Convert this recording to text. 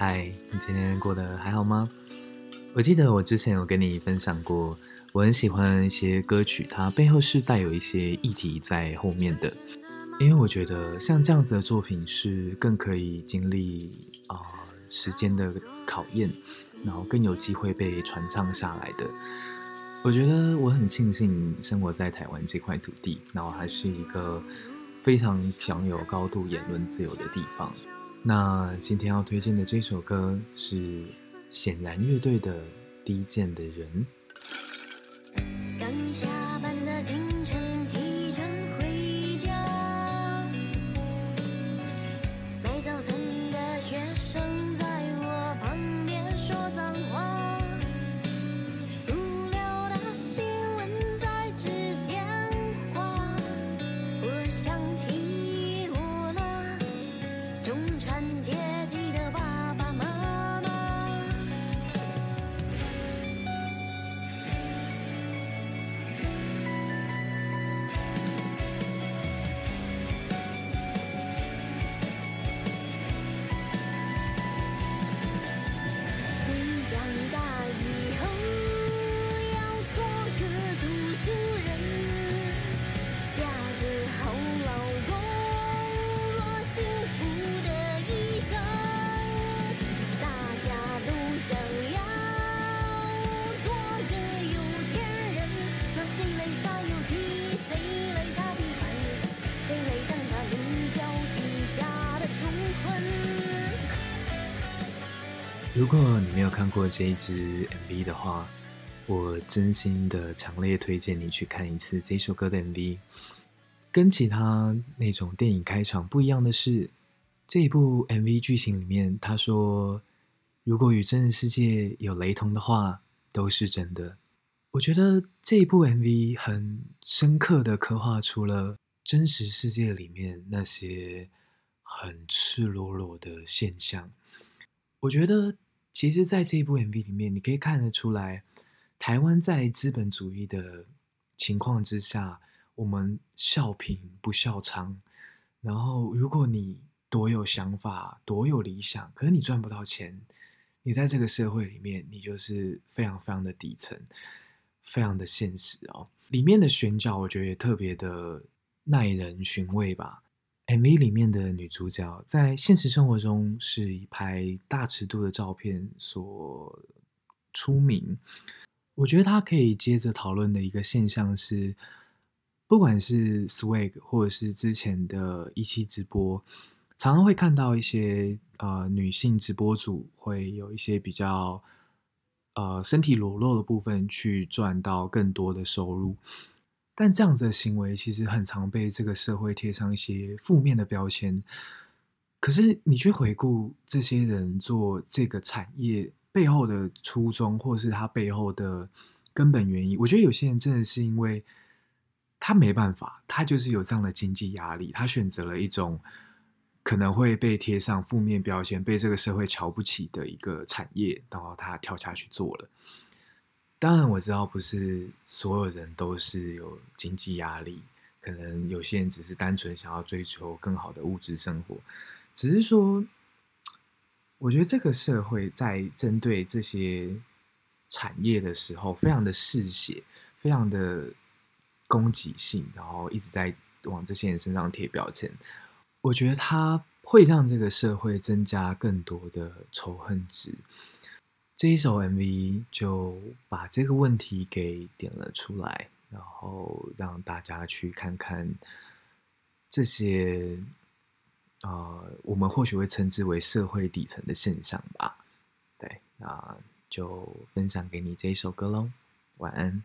嗨，Hi, 你今天過得還好嗎？我記得我之前有跟你分享過，我很喜歡一些歌曲，它背後是帶有一些議題在後面的，因為我覺得像這樣子的作品是更可以經歷啊、呃、時間的考驗，然後更有機會被傳唱下來的。我覺得我很慶幸生活在台灣這塊土地，然後還是一個非常享有高度言論自由的地方。那今天要推薦的這首歌是顯然樂隊的《低賤的人》。嗯如果你沒有看過這一支 MV 的話，我真心的強烈推薦你去看一次這首歌的 MV。跟其他那種電影開場不一樣的是，這一部 MV 劇情裡面，他說：“如果與真實世界有雷同的話，都是真的。”我覺得這部 MV 很深刻的刻畫出了真實世界裡面那些很赤裸裸的現象。我覺得。其實，在這一部 MV 裡面，你可以看得出來，台灣在資本主義的情況之下，我們笑貧不笑娼。然後，如果你多有想法、多有理想，可是你賺不到錢，你在這個社會裡面，你就是非常非常的底層，非常的現實哦。裡面的選角，我覺得也特別的耐人尋味吧。MV 裡面的女主角在現實生活中是以拍大尺度的照片所出名。我覺得她可以接着討論的一個現象是，不管是 Swag 或者是之前的一期直播，常常會看到一些呃，女性直播主會有一些比較呃，身體裸露的部分去賺到更多的收入。但這樣子的行為其實很常被這個社會貼上一些負面的標籤。可是你去回顧這些人做這個產業背後的初衷，或是他背後的根本原因，我覺得有些人真的是因為他沒辦法，他就是有這樣的經濟壓力，他選擇了一種可能會被貼上負面標籤、被這個社會瞧不起的一個產業，然後他跳下去做了。當然我知道，不是所有人都是有經濟壓力，可能有些人只是單純想要追求更好的物質生活。只是說，我覺得這個社會在針對這些產業的時候，非常的嗜血，非常的攻擊性，然後一直在往這些人身上貼標籤。我覺得它會讓這個社會增加更多的仇恨值。這一首 MV 就把這個問題給點了出來，然後讓大家去看看這些，呃，我們或許會稱之為社會底層的現象吧。對，那就分享給你這一首歌咯，晚安。